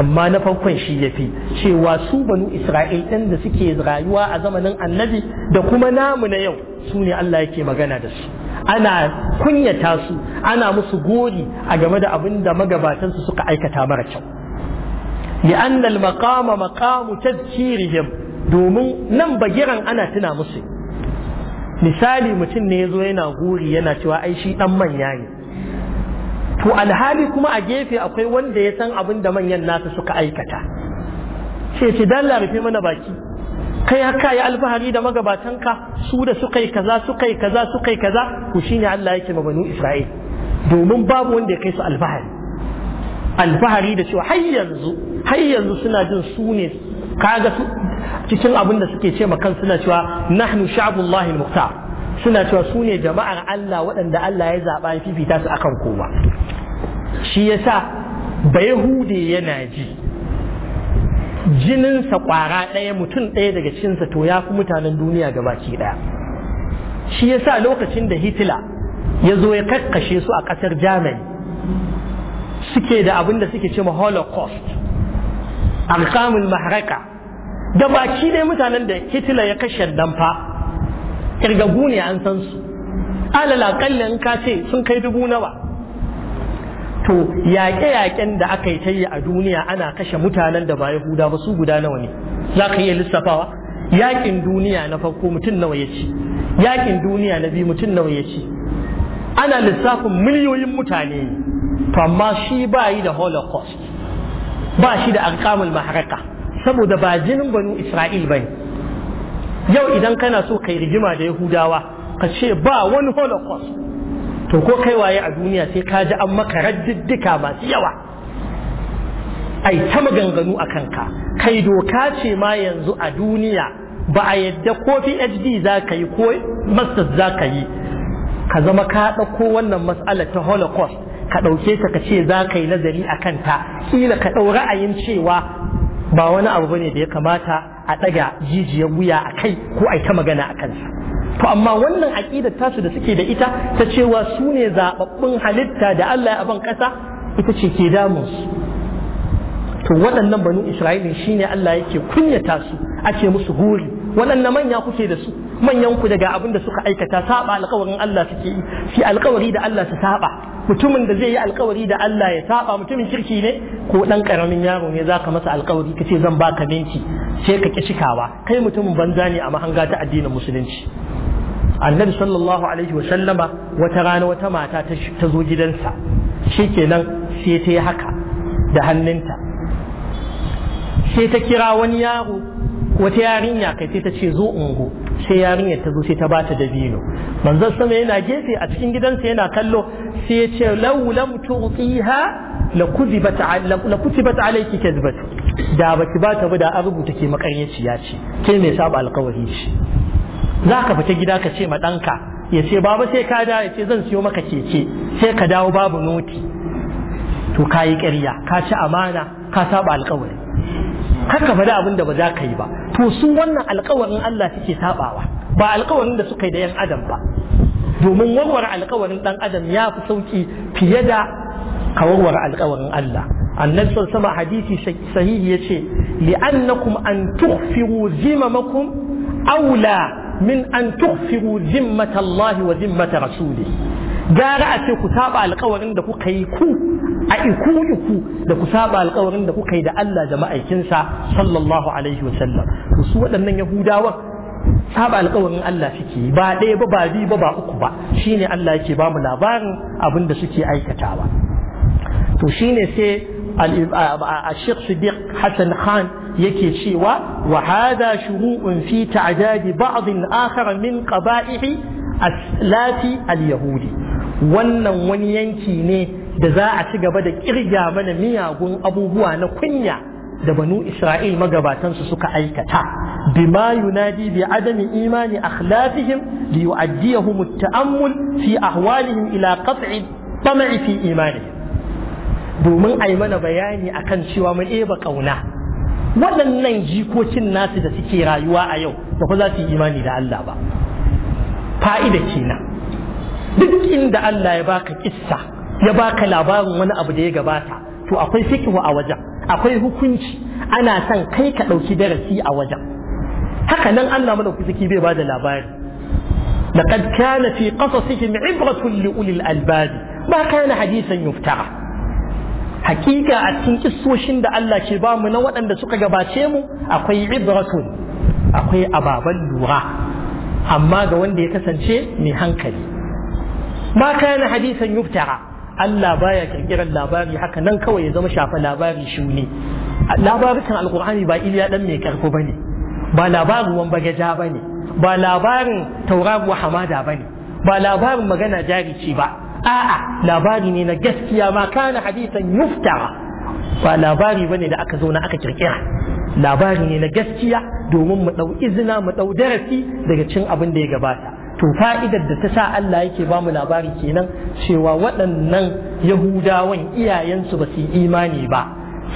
amma na farkon shi ya fi cewa su banu isra'il ɗin da suke rayuwa a zamanin annabi da kuma namu na yau su ne Allah yake magana da su ana kunyata su ana musu gori a game da abin da magabatansu suka aikata mara kyau li'anna al-maqama maqamu tadhkirihim domin nan bagiran ana tuna musu misali mutum ne ya zo yana gori yana cewa ai shi dan manya ne to alhali kuma a gefe akwai wanda ya san abin da manyan nasu suka aikata sai ce dan rufe mana baki kai haka ya alfahari da magabatanka su da suka yi kaza suka yi kaza suka yi kaza ku shine Allah yake ma banu Isra'il domin babu wanda ya kai su alfahari alfahari da cewa har yanzu har yanzu suna jin su ne kaga su cikin abin da suke ce kan suna cewa nahnu sha'bullahi al suna cewa su ne jama'ar Allah waɗanda Allah ya zaɓa ya fifita su akan kowa shi ya sa yasa hude yana ji jininsa kwara ɗaya mutum ɗaya daga cinsa to ya fi mutanen duniya gabaki ɗaya shi ya sa lokacin da hitler ya zo ya kakkashe su a ƙasar germany suke da abin da suke cewa holocaust alkamul maharaka da baki dai mutanen da hitler ya kashe damfa, fa ne an san su alal kace sun kai dubu nawa to yaƙe-yaƙen da aka yi ta yi a duniya ana kashe mutanen da ba yahuda ba su guda nawa ne za ka iya lissafawa yaƙin duniya na farko mutum nawa ya ci yaƙin duniya na biyu mutum nawa ya ci ana lissafin miliyoyin mutane to amma shi ba yi da holocaust ba shi da alƙamul maharaka saboda ba jinin banu isra'il ba yau idan kana so ka yi rigima da yahudawa ka ce ba wani holocaust to ko kai waye a duniya sai ka ji an maka raddiddika masu yawa ai ta maganganu a kanka kai doka ce ma yanzu a duniya ba a yadda ko phd za ka yi ko masters za ka yi ka zama ka ɗauko wannan mas'alar ta holocaust ka ɗauke ta ka ce za ka yi nazari a kanta kila ka ɗau ra'ayin cewa ba wani abu bane da ya kamata a ɗaga jijiyar wuya a kai ko aita ta magana a kansa to amma wannan aƙidar tasu da suke da ita ta cewa su ne zaɓaɓɓun halitta da Allah ya ban ƙasa ita ce ke damun su to waɗannan banu Isra'ila shine Allah yake kunyata su ake musu guri waɗanne manya kuke da su manyan ku daga abin da suka aikata saba alkawarin Allah suke yi shi alkawari da Allah su saba mutumin da zai yi alkawari da Allah ya saba mutumin kirki ne ko dan karamin yaro ne zaka masa alkawari kace zan baka minti sai ka ki cikawa kai mutumin banza ne a mahanga ta addinin musulunci annabi sallallahu alaihi wa sallama wata rana wata mata ta zo gidansa shikenan sai ta yi haka da hannunta sai ta kira wani yaro wata yarinya kai sai ta ce zo ungo sai yarinyar ta zo sai ta bata dabino manzon sama yana gefe a cikin gidansa yana kallo sai ya ce law lam tuqiha la kutibat alayki kadbat da baki bata ba da an rubuta ke ya ce ke mai saba alkawari ce zaka fita gida ka ce ma danka ya ce baba sai ka da ya ce zan siyo maka keke sai ka dawo babu noti to kayi ƙarya ka ci amana ka saba alkawari ka faɗi abin da ba za ka yi ba to su wannan alkawarin Allah suke sabawa ba alkawarin da suka yi da yan adam ba domin warware alkawarin dan adam ya fi sauki fiye da ka warware alkawarin Allah annabi sallallahu sama hadisi sahihi yace li'annakum an tukhfiru zimamakum aula min an tukhfiru zimmata Allah wa zimmata rasulih gara a ce ku saba alkawarin da kuka yi ku a iku iku da ku saba alkawarin da kuka yi da Allah da ma'aikinsa sallallahu alaihi wasallam su waɗannan yahudawa saba alkawarin Allah suke ba ɗaya ba ba biyu ba ba uku ba shine Allah yake ba mu labarin abin da suke aikatawa to shine sai الشيخ صديق حسن خان يكي شيوا وهذا شروع في تعداد بعض آخر من قبائح أسلاف اليهود wannan wani yanki ne da za a ci gaba da kirga mana miyagun abubuwa na kunya da banu Isra'il magabatansu suka aikata bima yunadi bi adami imani akhlaqihim li yu'addiyahum taammul fi ahwalihim ila qat'i tam'i fi domin ai mana bayani akan cewa mun ba kauna waɗannan jikokin nasu da suke rayuwa a yau da fa za su yi imani da Allah ba fa'ida kenan duk inda Allah ya baka kissa ya baka labarin wani abu da ya gabata to akwai fikihu a wajen akwai hukunci ana son kai ka ɗauki darasi a wajen haka nan Allah malaukaki bai bada labari laqad kana fi qasasihim ibratun li ulil albab ba kana hadisan yuftara hakika a cikin kissoshin da Allah ke ba mu na waɗanda suka gabace mu akwai ibratun akwai ababan lura amma ga wanda ya kasance mai hankali ma kana hadisan yuftara Allah baya kirkirar labari haka nan kawai ya zama shafa labari shuni labarukan alkur'ani ba iliya dan mai karfi bane ba labarin wan bagaja bane ba labarin tauraruwa hamada bane ba labarin magana jarici ba a'a labari ne na gaskiya ma kana hadisan yuftara ba labari bane da aka zauna aka kirkira labari ne na gaskiya domin mu dau izina mu dau darasi daga cin abin da ya gabata to fa'idar da ta sa Allah yake ba mu labari kenan cewa waɗannan yahudawan iyayensu ba su yi imani ba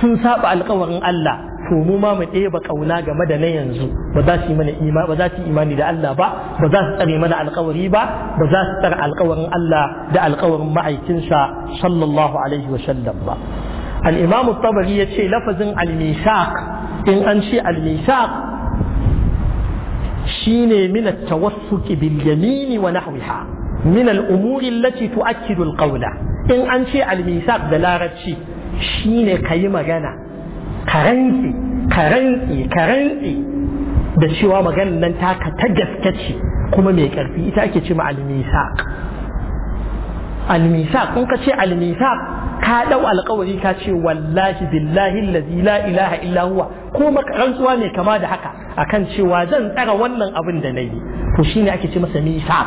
sun saba alkawarin Allah to mu ma mu ƙauna game da na yanzu ba za su yi imani da Allah ba ba za su tsare mana alkawari ba ba za su tsare alkawarin Allah da alkawarin ma'aikinsa sallallahu alaihi wa sallam ba al-imam tabari yace lafazin al-mishaq in an ce al-mishaq shine min at-tawassuq bil yamin wa nahwiha min al-umur allati tu'akkidu al-qawla in an ce al-misaq da larabci shine kayi magana karanti karanti karanti da cewa maganar nan taka ta gaske ce kuma mai karfi ita ake ce ma al-misaq al-misaq kun ka ce al-misaq ka dau alƙawari ka ce wallahi billahi allazi la ilaha illa huwa ko rantsuwa ne kama da haka A kan cewa zan tsara wannan abin da na yi to shine ake ce masa misa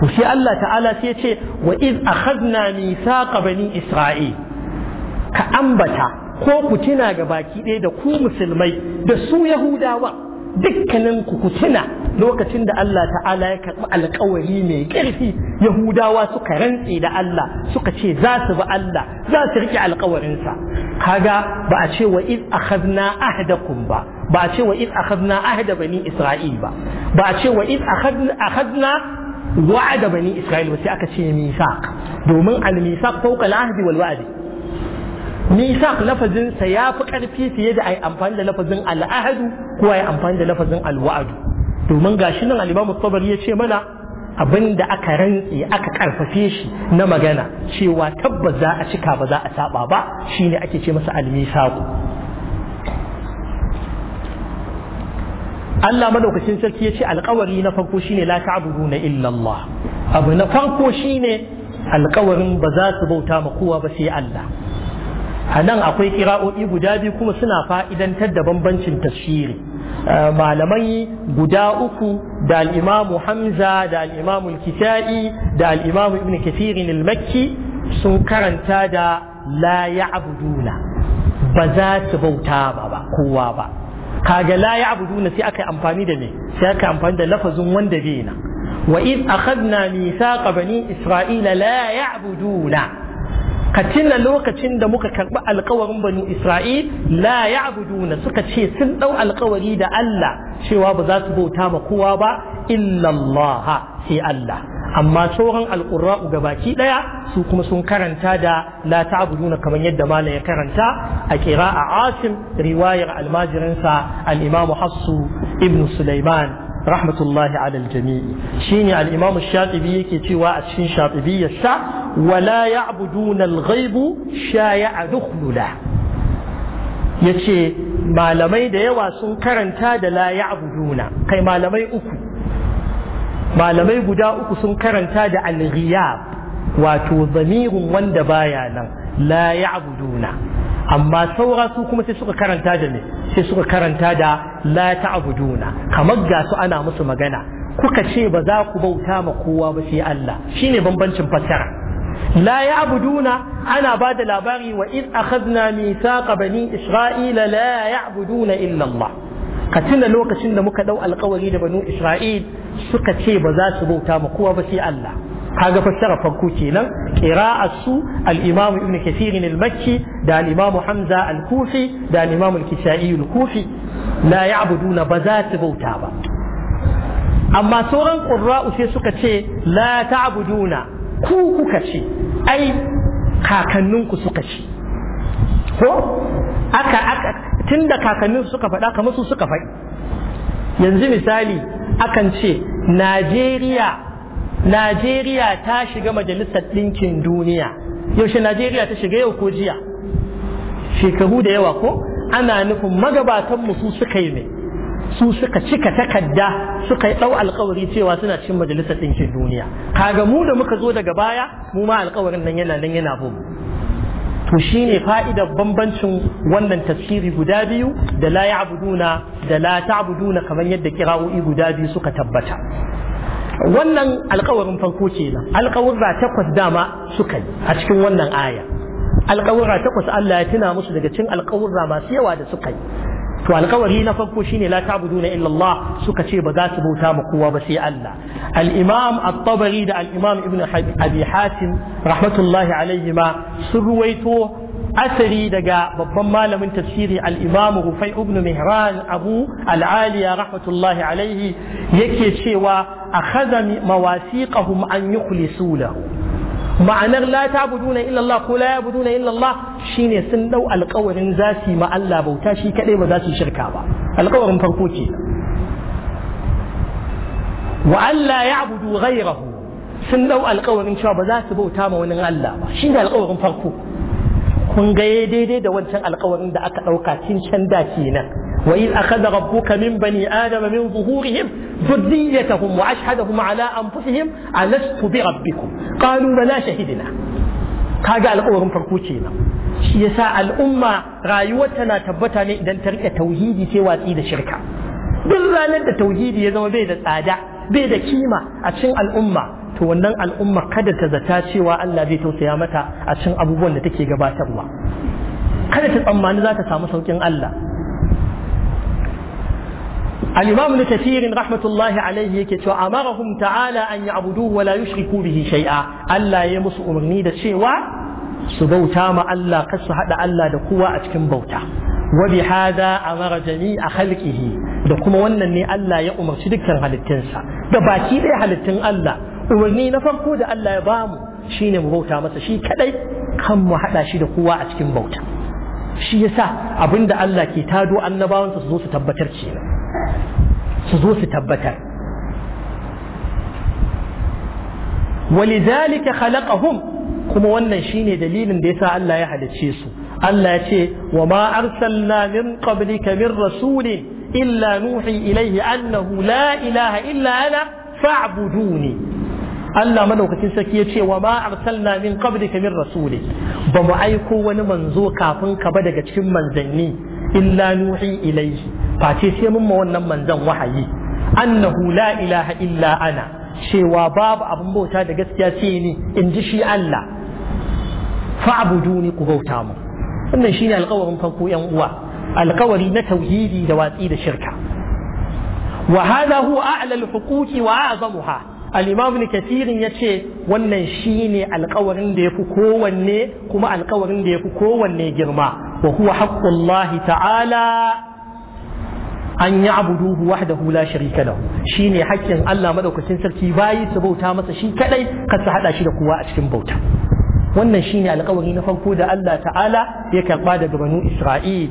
to sai Allah ta'ala sai ya ce wa iz akhadna mithaqa bani isra'il ka ambata ko ku tuna ga baki ɗaya da ku musulmai da su yahudawa dukkanin ku ku tuna lokacin da Allah ta'ala ya karɓi alkawari mai ƙarfi yahudawa suka rantse da Allah suka ce za su bi Allah za su riƙe alkawarinsa kaga ba a ce wa iz akhadna ahdakum ba ba a ce wa iz akhadna ahda bani isra'il ba ba a ce wa iz akhadna wa'ada bani isra'il ba sai aka ce misaq domin al-misaq fawqa al-ahdi wal wa'di misaq lafazinsa ya fi karfi fiye da ai amfani da lafazin al-ahd ko ai amfani da lafazin al-wa'd domin gashi nan al-Imam tabari ya ce mana abin da aka rantse aka karfafe shi na magana cewa tabbas za a cika ba za a saba ba shine ake ce masa al Allah madaukakin sarki ya ce alkawari na farko shine la ta'buduna na illallah abu na farko shine alkawarin ba za su bauta ma kowa ba sai Allah a nan akwai kira'o'i guda biyu kuma suna fa'idantar da bambancin tafsiri malamai guda uku da al'imamu hamza da al'imamu kitai da al'imamu ibn kathirin al-makki sun karanta da la ya'buduna ba za su bauta ba ba kowa ba kaga la ya'buduna sai aka amfani da me sai aka amfani da lafazin wanda bai na wa iz na mithaqa bani isra'ila la ya'buduna ka tuna lokacin da muka karɓi alkawarin banu isra'il la ya'buduna suka ce sun ɗau alkawari da Allah cewa ba za su bauta ma kowa ba illallah sai Allah amma sauran alƙura'u ga baki ɗaya su kuma sun karanta da la ta'buduna kamar yadda mala ya karanta a a asim riwayar almajirinsa al-imamu hassu ibn sulaiman rahmatullahi alal jami'i shine al-imam shatibi yake cewa a cikin sha wala ya'buduna al-ghaibu duk lula. yace malamai da yawa sun karanta da la ya'buduna kai malamai uku malamai guda uku sun karanta da al-ghiyab wato zamirin wanda baya nan la ya'buduna amma saura su kuma sai suka karanta da ne sai suka karanta da la ta'buduna kamar ga su ana musu magana kuka ce ba za ku bauta ma kowa ba sai Allah shine bambancin fassara la ya'buduna ana ba da labari wa iz akhadna mithaqa bani isra'ila la ya'buduna illa Allah ka tuna lokacin da muka dau alkawari da banu isra'il suka ce ba za su bauta ma kowa ba sai Allah kaga fassara farko kenan qira'at su al-imam ibn kathir al-makki da al-imam hamza al-kufi da al-imam al-kisai al-kufi la ya'buduna ba za su bauta ba amma sauran qurra'u sai suka ce la ta'buduna ku kuka ce ai kakanninku suka ce ko aka aka tunda kakannin suka faɗa kamar su suka faɗi yanzu misali akan ce Najeriya Najeriya ta shiga majalisar ɗinkin duniya yaushe Najeriya ta shiga yau ko jiya shekaru da yawa ko ana nufin magabatanmu su suka yi ne su suka cika takarda suka yi ɗau alkawari cewa suna cin majalisar ɗinkin duniya kaga mu da muka zo daga baya mu ma alkawarin nan yana nan yana bin to shine fa'idar bambancin wannan tafsiri guda biyu da la ya'buduna da la ta'buduna kamar yadda kira'o'i guda biyu suka tabbata wannan alkawarin farko kenan alkawurra takwas dama suka yi a cikin wannan aya alkawurra takwas Allah ya tuna musu daga cikin alkawurra masu yawa da suka yi to alkawari na farko shine la ta'buduna illa Allah suka ce ba za su bauta ma kowa ba sai Allah al-Imam at-Tabari da al-Imam Ibn Abi Hatim rahmatullahi ma sun ruwaito asali daga babban malamin tafsiri al-imamu Rufai ibn Mihran Abu al'aliya aliya rahmatullahi alaihi yake cewa a akhadha mawasiqahum an yukhlisu lahu ma'anar la ta'buduna illa Allah ko la na illallah Allah shine sun ɗau alƙawarin za su yi ma Allah bauta shi kadai ba za su shirka ba alƙawarin farko ke. wa Allah ya ya'budu ghayrahu sun ɗau alƙawarin cewa ba za su bauta ma wani Allah ba Shi ne alƙawarin farko kun ga daidai da wancan alkawarin da aka ɗauka cin can da kenan wa iz akhadha ka min bani adama min zuhurihim dhurriyyatahum wa ashhadahum ala anfusihim alastu bi rabbikum qalu bala shahidna kaga alkawarin farko kenan shi yasa al'umma rayuwarta na tabbata ne idan ta rike tauhidi sai watsi da shirka duk ranar da tauhidi ya zama bai da tsada bai da kima a cikin al'umma to wannan al'umma kada ta zata cewa Allah zai tausaya mata a cikin abubuwan da take gabatarwa kada ta tsammani za ta samu saukin Allah al-imam al-kathir rahmatullahi alayhi yake cewa amarahum ta'ala an ya'buduhu wa la yushriku bihi shay'a Allah ya musu umarni da cewa su bauta ma Allah kar su hada Allah da kowa a cikin bauta wa bi hadha amara jami'a khalqihi da kuma wannan ne Allah ya umarci dukkan halittunsa da baki ɗaya halittun Allah umarni na farko da Allah ya bamu shine mu bauta masa shi kadai kan mu hada shi da kowa a cikin bauta shi yasa abinda Allah ke tado annabawan su zo su tabbatar kenan su zo su tabbatar ولذلك خلقهم kuma wannan shine dalilin da yasa Allah ya halicce su Allah ya ce wa ma arsalna min qablika min rasulin illa nuhi ilayhi annahu la ilaha illa ana fa'buduni Allah madaukakin sarki ya ce wa ma arsalna min qablika min rasuli ba mu aiko wani manzo kafin ka ba daga cikin manzanni illa nuhi ilaihi face sai mun ma wannan manzon wahayi annahu la ilaha illa ana cewa babu abin bauta da gaskiya ce ni in ji shi Allah fa'buduni ku bauta mu wannan shine alƙawarin farko yan uwa alƙawari na tauhidi da watsi da shirka wa hada huwa a'la al-huquqi wa a'zamuha al-imam ibn ya yace wannan shine alkawarin da yafi kowanne kuma alkawarin da fi kowanne girma wa huwa haqqullahi ta'ala an ya'buduhu wahdahu la sharika lahu shine haƙƙin Allah maɗaukacin sarki bayi su bauta masa shi kadai kar su hada shi da kowa a cikin bauta wannan shine alkawari na farko da Allah ta'ala ya karba daga banu Isra'il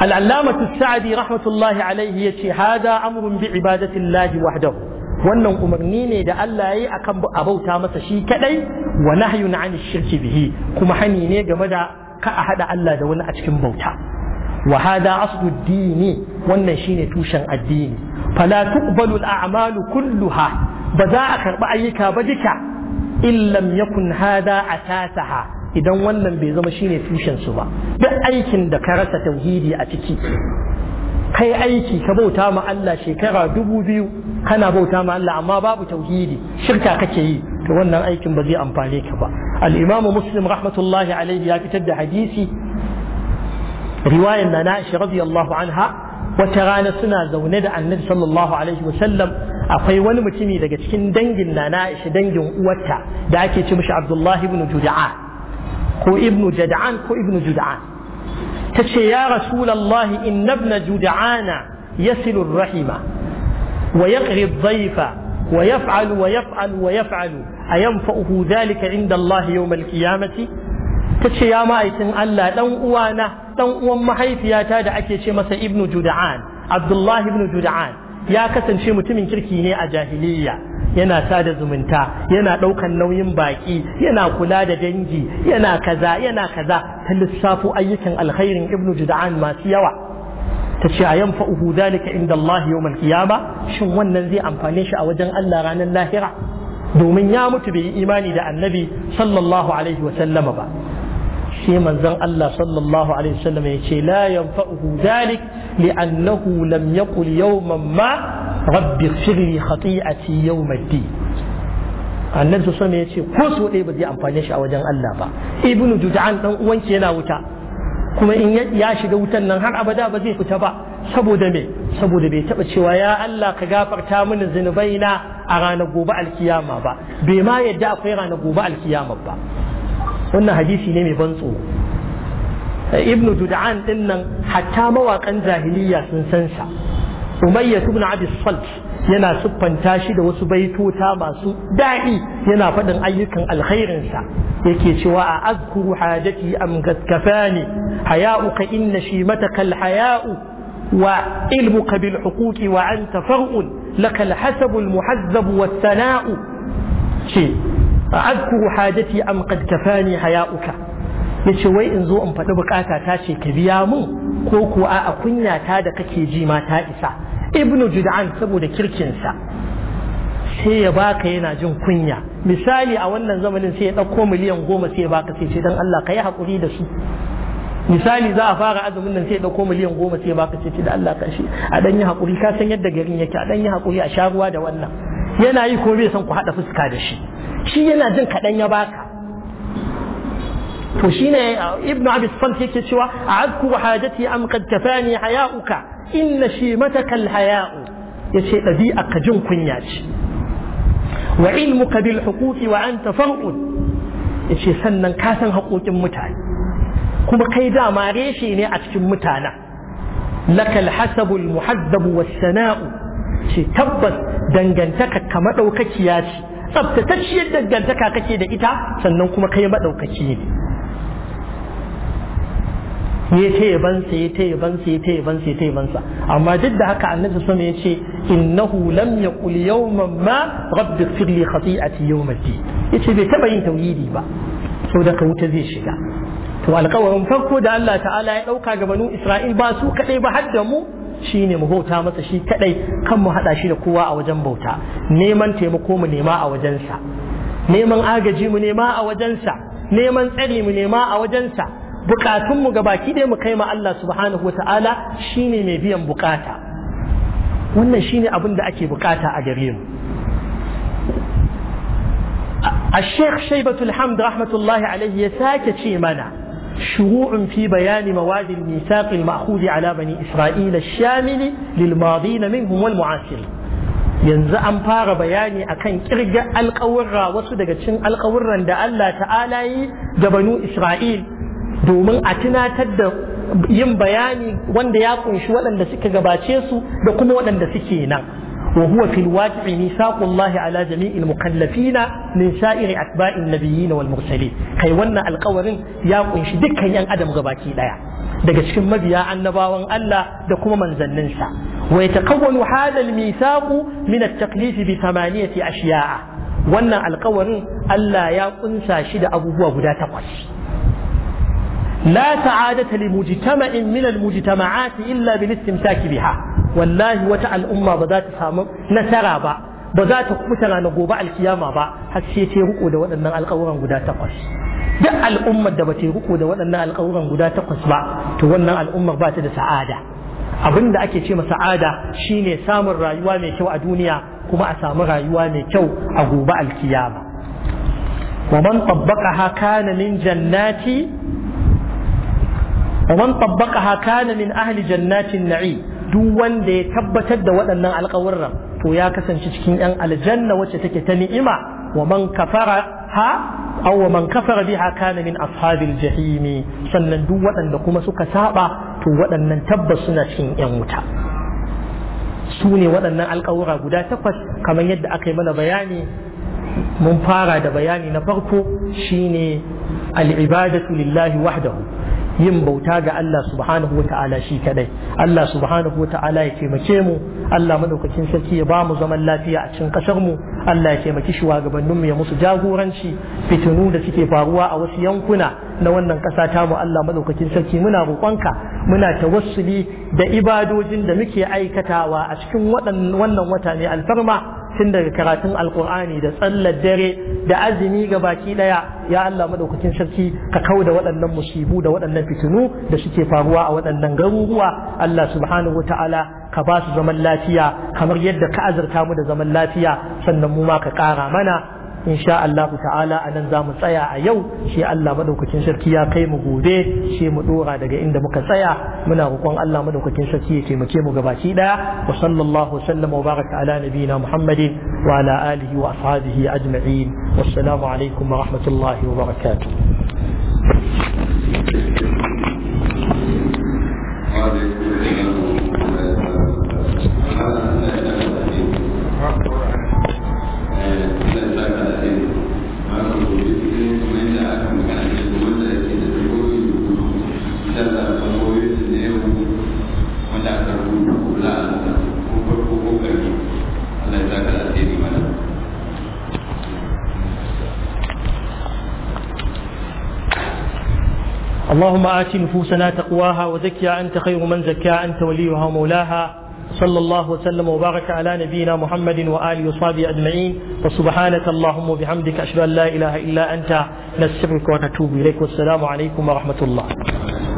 العلامة السعدي رحمة ya ce يتي هذا bi بعبادة الله وحده wannan umarni ne da Allah ya yi a abauta masa shi kaɗai. wa nahyun an shirki bihi kuma hani ne game da ka a haɗa Allah da wani a cikin bauta wa hada aslu dini wannan shine tushen addini fala tuqbalu al-a'malu kulluha ba za a karɓi ayyuka ba duka in lam yakun hada asasaha idan wannan bai zama shine tushen su ba duk aikin da ka rasa tauhidi a ciki kai aiki ka bauta ma Allah shekara dubu biyu kana bauta ma Allah amma babu tauhidi shirka kake yi to wannan aikin ba zai amfane ka ba al-imam muslim rahmatullahi ya fitar da hadisi riwayar Nana Aisha radiyallahu anha wata rana suna zaune da annabi sallallahu alaihi wa sallam akwai wani mutumi daga cikin dangin Nana Aisha dangin uwarta da ake ce mishi Abdullah ibn Jud'a ko ibn Jad'an ko ibn Jud'an tace ya rasulullahi inna ibn Jud'ana yasilu rahima ويقري الضيف ويفعل ويفعل ويفعل أينفعه ذلك عند الله يوم القيامة تشي يا مايتن الله دان uwana dan uwan mahaifiyata da ake ce masa ibnu juda'an abdullahi ibnu juda'an ya kasance mutumin kirki ne a jahiliya yana sada zumunta yana ɗaukan nauyin baƙi yana kula da dangi yana kaza yana kaza ta lissafo ayyukan alkhairin ibnu juda'an masu yawa ta ce a yanfa uhu dalika inda Allah malkiya ba shin wannan zai amfane shi a wajen Allah ranar lahira domin ya mutu bai yi imani da annabi sallallahu alaihi wa sallama ba sai manzon Allah sallallahu alaihi wa sallama ya ce la yanfa'uhu zalik li'annahu lam yaqul yawman ma rabbi shirri khati'ati yawmiddin annabi sallallahu alaihi wa sallama ya ce ko so dai ba zai amfane shi a wajen Allah ba ibnu jud'an dan uwanki yana wuta kuma in ya shiga wutan nan har abada ba zai fita ba saboda me saboda bai taba cewa ya Allah ka gafarta mini zunubai na a ranar gobe alkiyama ba bai ma yadda akwai ranar gobe alkiyama ba wannan hadisi ne mai ban tsoro eh, ibnu dud'an din nan hatta mawakan jahiliya sun san sa umayyah ibn abi salt yana siffanta shi da wasu baitota masu daɗi yana faɗin ayyukan alkhairinsa yake cewa a azkuru hajati am gaskafani haya'u ka inna shi mataka alhaya'u wa ilmuka bil huquqi wa anta far'un laka alhasabu almuhazzab wassana'u ce a azkuru hajati am qad kafani haya'uka yace wai in zo in faɗi bukata ta ce ka biya mun ko ko a kunya ta da kake ji ma ta isa ibnu jud'an saboda kirkinsa sai ya baka yana jin kunya misali a wannan zamanin sai ya ɗauko miliyan goma sai ya baka sai ce don Allah ka yi haƙuri da su misali za a fara azumin nan sai ya ɗauko miliyan goma sai ya baka sai ce da Allah ka shi a ɗan yi haƙuri ka san yadda garin yake a ɗan yi haƙuri a sha ruwa da wannan yana yi ko bai san ku haɗa fuska da shi shi yana jin kaɗan ya baka to shine ibnu abis samt yake cewa a'adku hajati am qad kafani haya'uka inna shimataka alhaya'u yace ɗabi'a ka jin kunya ce wa ilmu kabil huquqi wa anta ya yace sannan ka san haƙoƙin mutane kuma kai dama reshe ne a cikin mutane, lakal hasabul muhaddabu was sana'u ce tabbas dangantaka ka ya ce tsaftatacciyar dangantaka kake da ita sannan kuma kai maɗaukaki ne ya ta yabansa ya ta yabansa ya ta yabansa ya ta amma duk da haka annabi sama ya ce innahu lam yaqul yawman ma rabbi ighfir li khati'ati yawmiddin ce bai taba yin tauhidi ba saboda ka wuta zai shiga to alƙawarin farko da Allah ta'ala ya dauka ga banu Isra'il ba su kadai ba har da mu shine mu bauta masa shi kadai kan mu hada shi da kowa a wajen bauta neman taimako mu nema a wajensa neman agaji mu nema a wajensa neman tsari mu nema a wajensa bukatunmu ga baki ɗaya mu kai ma Allah subhanahu wa ta'ala shine mai biyan bukata wannan shine abin da ake bukata a gare mu الشيخ شيبة ya sake الله mana يساك منا fi bayani mawadin مواد الميثاق المأخوذ Isra'ila بني إسرائيل na min منهم والمعاصرين yanzu an fara bayani akan kirga alƙawurra wasu daga cikin alƙawurran da Allah ta'ala yi ga banu Isra'il domin a tunatar da yin bayani wanda ya kunshi waɗanda suka gabace su da kuma waɗanda suke nan وهو fil الواقع ميثاق الله على جميع المكلفين من atba'in أتباع النبيين Kai wannan ونا ya يا dukkan yan adam أدم غباكي لا daga cikin mabiya annabawan Allah da kuma manzanninsa wa yatakawwanu hadha al-mithaq min at-taqlid bi thamaniyati ashiya'a wannan alƙawarin Allah ya kunsa shi da abubuwa guda takwas لا سعادة لمجتمع من المجتمعات إلا بالاستمساك بها والله وتع الأمة بذات سامم نسرى با بذات كبتنا نقوبة القيامة با حسي تيرقو دو أن القورا قدا تقص دع الأمة دو تيرقو دو أن القورا قدا تقص با تونا الأمة بات سعادة abin da ake ce ma sa'ada shine samun rayuwa mai kyau a duniya kuma a samu rayuwa mai kyau a gobe alkiyama wa man tabbaqaha kana min jannati wa man tabbaqaha kana min ahli jannatin na'i duk wanda ya tabbatar da waɗannan alƙawurran to ya kasance cikin yan aljanna wacce take ta ni'ima wa man kafara ha aw wa min ashabil jahimi sannan duk waɗanda kuma suka saɓa, to waɗannan tabbas suna cikin yan wuta su ne waɗannan alƙawura guda takwas kamar yadda aka yi mana bayani mun fara da bayani na farko shine al'ibadatu lillahi wahdahu yin bauta ga Allah subhanahu wata'ala shi kadai Allah subhanahu wata'ala ya taimake mu Allah madaukakin sarki ya ba mu zaman lafiya a cikin kasar mu Allah ya taimaki shugabannin mu ya musu jagoranci fitinu da suke faruwa a wasu yankuna na wannan kasa ta mu Allah madaukakin sarki muna roƙonka muna tawassuli da ibadojin da muke aikatawa a cikin wannan wata ne alfarma tun daga karatun alkur'ani da tsallar dare da azumi ga baki daya ya Allah madaukakin sarki ka kau da waɗannan musibu da waɗannan fitinu da suke faruwa a waɗannan garuruwa Allah subhanahu wataala ka ba su zaman lafiya kamar yadda ka azurta mu da zaman lafiya sannan mu ma ka ƙara mana insha Allah ta'ala a nan za mu tsaya a yau shi Allah madaukakin sarki ya kai mu gobe shi mu dora daga inda muka tsaya muna roƙon Allah madaukakin sarki ya taimake mu gabaki daya wa sallallahu sallam wa baraka ala nabiyina Muhammadin wa ala alihi wa ashabihi ajma'in wassalamu alaikum wa rahmatullahi wa barakatuh اللهم آت نفوسنا تقواها وزكها أنت خير من زكاها أنت وليها ومولاها صلى الله وسلم وبارك على نبينا محمد وآله وصحبه أجمعين وسبحانك اللهم وبحمدك أشهد أن لا إله إلا أنت نستغفرك ونتوب إليك والسلام عليكم ورحمة الله